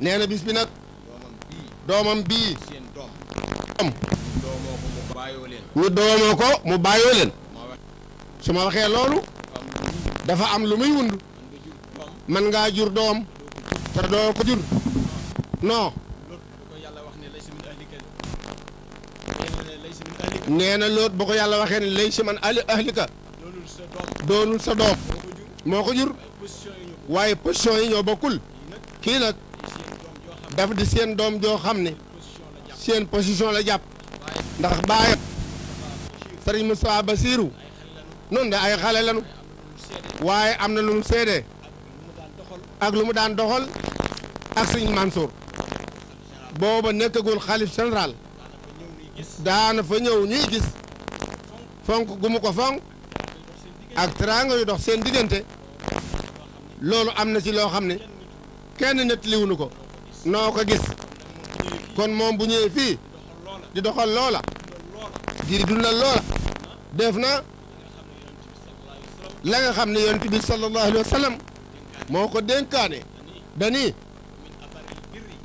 nee na doomam bi nag doomam bii doom ñu doomoo ko mu bàyyoo leen su ma waxee loolu dafa am lu muy wund man ngaa jur doom te doo ko jur non nee na loot bu ko yàlla waxee ne lay si man ali ahlika doonul sa doom moo ko jur waaye position yi ñoo bokkul kii nag dafa di seen dom jo xamne seen position la japp ndax baye sari Moustapha Bassirou non da ay xale lañu waye amna lu mu seede ak lu mu daan doxal ak serigne Mansour booba nekkagul khalif général daana fa ñew ñuy gis fonk gu mu ko fonk ak tranga yu dox seen digënté lolu amna ci lo xamne kenn ko noo ko gis kon moom bu ñëwee fii di doxal loola di dundal loola def na la nga xam ne yonent bi sallallahu alayhi moo ko dénkaane dani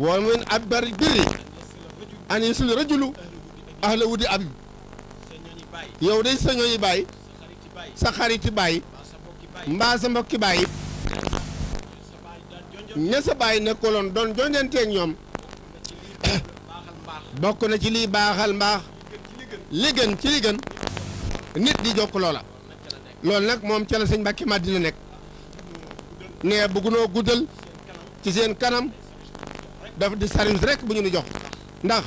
wa min abar birri an yusil rajulu ahla wudi abi yow day sañoo yi bàyyi sa xarit yi mbaa sa mbokki bàyyi ña sa bàyyi nekkoloon doon jonjanteeg ñoom bokk na ci liy baaxal mbaax li gën ci li gën nit di jokk loola loolu nag moom ca la sëñ Mbàkke Madina nekk nee bëggunoo guddal ci seen kanam daf di service rek bu ñu ni jox ndax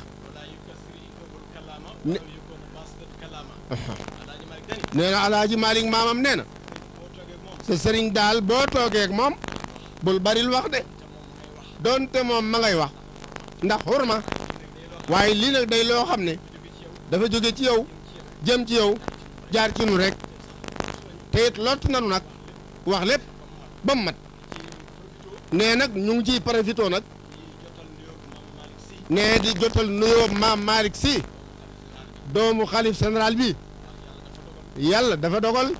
nee na alaaji Malick maamam nee na sa sëriñ daal boo toogee moom bul baril wax de doonte moom ma ngay wax ndax xurma waaye lii nag day loo xam ne dafa jóge ci yow jëm ci yow jaar ci nu rek te it lott nanu nag wax lépp ba mu mat nee nag ñu ngi ciy profité nag nee di jotal nuyoo maam Malick Sy doomu xalif général bi yàlla dafa dogal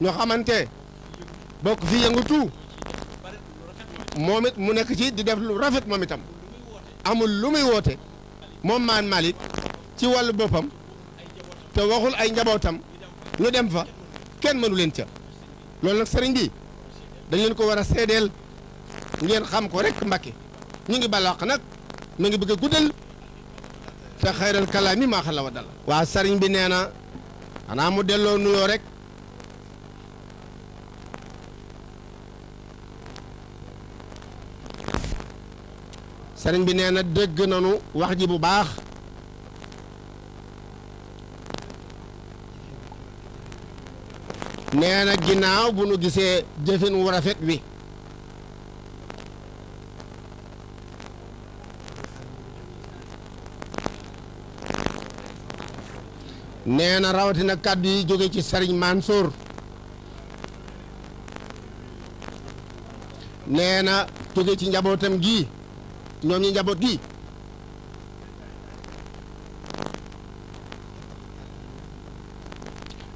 ñu xamante bokk fi yëngutu moom mu nekk ci di def rafet moom itam amul lu muy woote moom maan Malick ci wàllu boppam te waxul ay njabootam ñu dem fa kenn mënu leen ca loolu nag sëriñ bi dañ leen ko war a seedeel ngeen xam ko rek Mbàkke ñu ngi balaax nag mu ngi bëgg a guddal te xayral kalaami maa xala wa dal waa sëriñ bi nee na xanaa mu delloo nuyoo rek sëriñ bi nee na dégg nanu wax ji bu baax nee na ginnaaw bu nu gisee jëfin wu rafet wi nee na rawatina kàddu yi jóge ci sëriñ Mansour nee na jóge ci njabootam gii ñoom ñi njaboot gi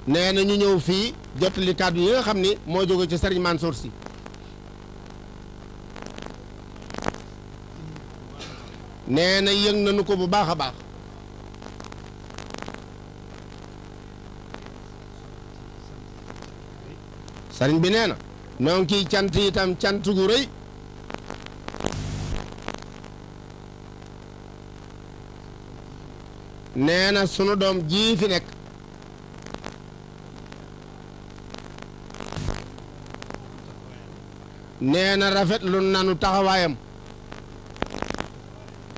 nee na ñu ñëw fii jottali kàddu yi nga xam ni moo jóge ci Serigne Mansour si nee na yëg nañu ko bu baax a baax sariñ bi nee na ñoo ngi cant itam cant gu rëy Nena sunu doom jii fi nekk nee rafet lu nanu taxawaayam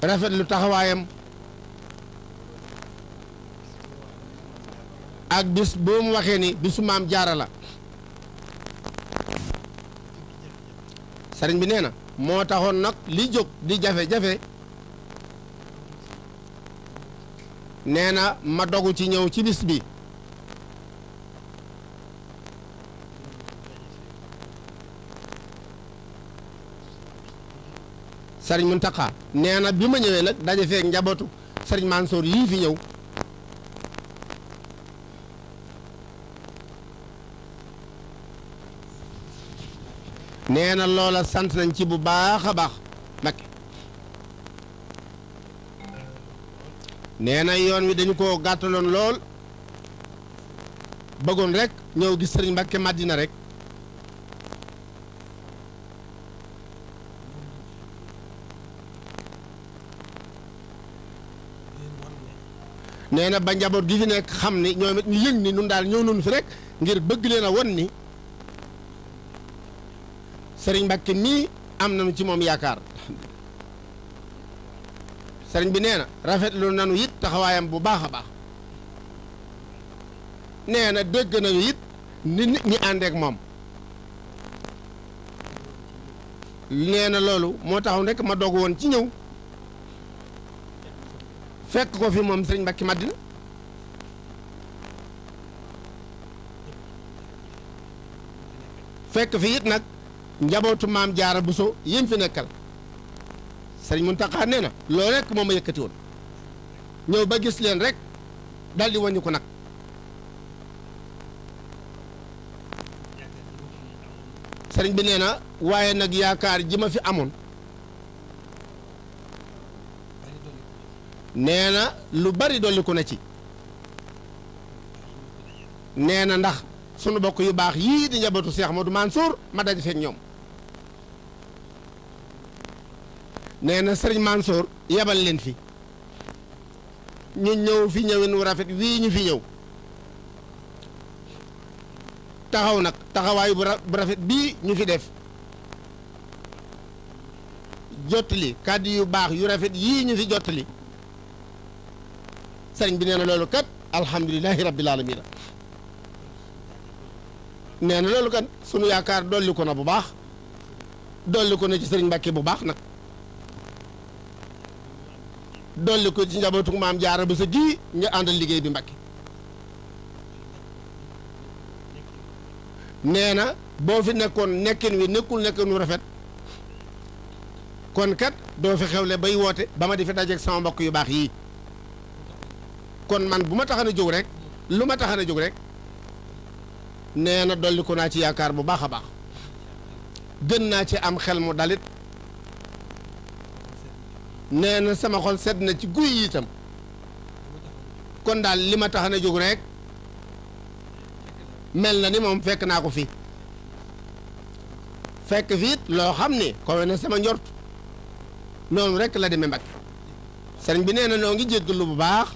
rafet lu taxawaayam ak bis bu mu waxee ni bisu maam jaara la bi nee na moo taxoon li jóg di jafe-jafe nee na ma dogu ci ñëw ci bis bi sëriñ Muntaxa nee na bi ma ñëwee nag daje feek njabootu sëriñ Mansour yii fi ñëw nee na loola sant nañ ci bu baax a baax nag nee na yoon wi dañu ko gàttaloon lool bëggoon rek ñëw gis sëriñ Mbàkke màddina rek nee na ba njaboot gi fi nekk xam ni ñoom it ñu ni nun daal ñëw nañu fi rek ngir bëgg leen a won ni sëriñ Mbàkke mii am nañu ci moom yaakaar sëriñ bi nee na rafetlu nanu it taxawaayam bu baax a baax neena na dégg nañu it ni nit ñi àndeek moom nee na loolu moo taxaw rek ma doog woon ci ñëw fekk ko fi moom sëriñ Mbacke Madina fekk fi it nag njabootu maam jaara buso yim fi nekkal Sëriñ Muntaxa nee na loolu rek moom ma yëkkati woon ñëw ba gis leen rek daldi di ko nag sëriñ bi nee na waaye nag yaakaar ji ma fi amoon nee na lu bari dolliku na ci nee na ndax sunu bokk yu baax yii di njabootu Cheikh Modou Mansour ma daj feeg ñoom nee na sëriñ Mansour yebal leen fi ñu ñëw fi ñëwin wu rafet wii ñu fi ñëw taxaw nag taxawaayu bu rafet bii ñu fi def jottali kàddu yu bax yu rafet yi ñu fi jotli serigne bi neena lolu kat alhamdullilah rabbil alamin neena lolu kan sunu yaakar dolli ko na bu bax dolli ko na ci serigne Mbàkke bu bax nak dolli ko ci njabootu maam jaara bu sa gii ñu àndal liggéey bi Mbàkke nee na boo fi nekkoon nekkin wi nekkul nekkin wu rafet kon kat doo fi xewle bay woote ba ma di fi dajeeg sama mbokk yu baax yii kon man bu ma taxan a jóg rek lu ma taxan a jóg rek nee na dolli ko naa ci yaakaar bu baax a baax gën naa ci am xel mu dalit nee na sama xol sedd na ci guy itam kon daal li ma tax na jóg rek mel na ni moom fekk naa ko fi fekk fiit loo xam ni kowe na sama njort noonu rek la demee Mbàkke sëriñ bi nee na noo ngi jéggalu bu baax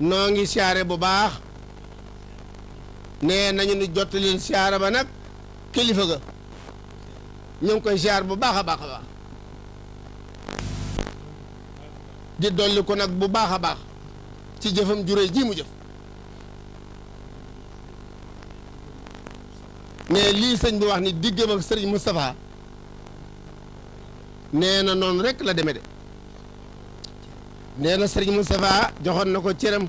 noo ngi siyaare bu baax nee nañu ni jot leen siyaare ba nag kilifa ga ñu ngi koy siyaar bu baax a baax a baax di dolli ko nag bu baax a baax ci jëfam jure ji mu jëf ne lii sëñ bi wax ni diggam ak sëriñ Moustapha nee na noonu rekk la deme de nee na sëriñ Moustapha joxoon na ko cëram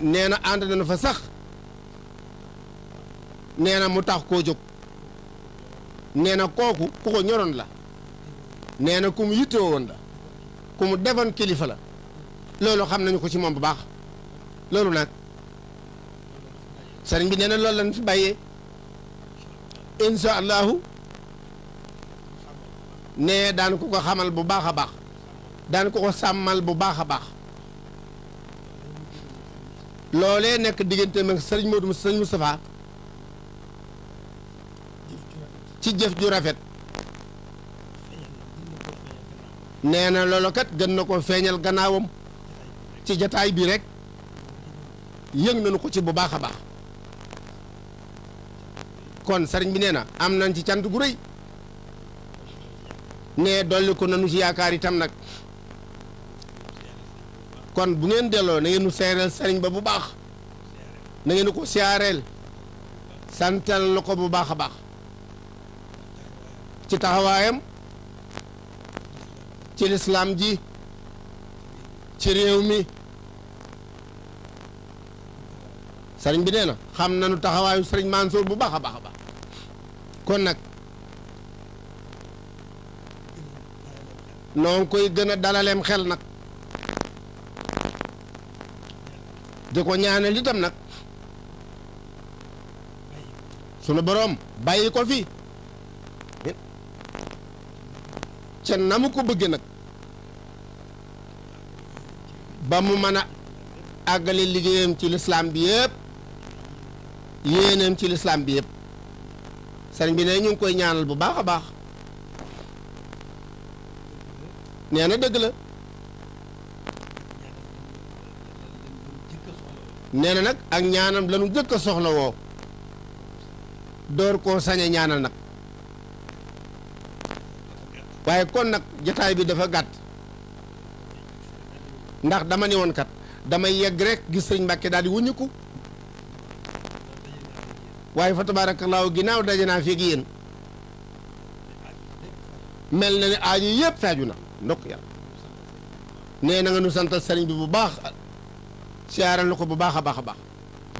nee na ànd na fa sax nee na mu tax koo jóg nee na kooku ku ko ñoroon la nee na ku mu yittewoo woon la ku mu defoon kilifa la loolu xam nañu ko ci moom bu baax loolu nag sëriñ bi nee na loolu lañ fi bàyyee insha allahu ne daan ko ko xamal bu baax a baax daan ko ko sàmmal bu baax a baax loolee nekk diggante mag sëriñ Modou sëriñ Moustapha ci jëf ju rafet nee na loolu kat gën na ko feeñal gannaawam ci jataay bi rek na nu ko ci bu baax a baax kon sëriñ bi nee na am nañ ci cant gu rëy ne dolli ko nanu ci yaakaar yi itam nag kon bu ngeen delloo na ngeen nu seereel sëriñ ba bu baax na ngeen ko siyaareel santal na ko bu baax a baax ci taxawaayam ci lislaam ji ci réew mi sëriñ bi nee na xam nañu taxawaayu sëriñ Mansour bu baax a baax a baax kon nag noo ngi koy gën a dalaleem xel nag di ko ñaanal itam nag sunu boroom bàyyi ko fi. ca na mu ko bëgge nag ba mu mën a àggale liggéeyam ci lislaam bi yëpp yéeneem ci lislaam bi yëpp sëriñ bi ne ñu ngi koy ñaanal bu baax a baax nee na dëgg la nee nag ak ñaanam lanu jëkk a dóor woo koo sañ ñaanal nag waaye kon nag jataay bi dafa gàtt ndax dama ne woon kat damay yegg rek gis sëñ Mbàkke daal di wuññiku waaye fa tabaarakallaahu ginnaaw daje naa fi ak mel na ne aaju yëpp faaju na ndokk yàlla nee na nga nu santal sëriñ bi bu baax siyaaral na ko bu baax a baax a baax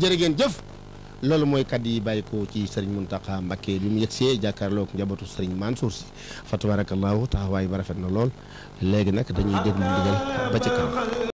jërë ngeen jëf loolu mooy kat yi bàyyi ko ci sëriñ Mountakha Mbacké bi mu yëgsee jàkkaarloog njabootu sëriñ Mansour si fa tabarakallahu taxawaay ba rafet na lool léegi nag dañuy déglu ndigal ba ci kanam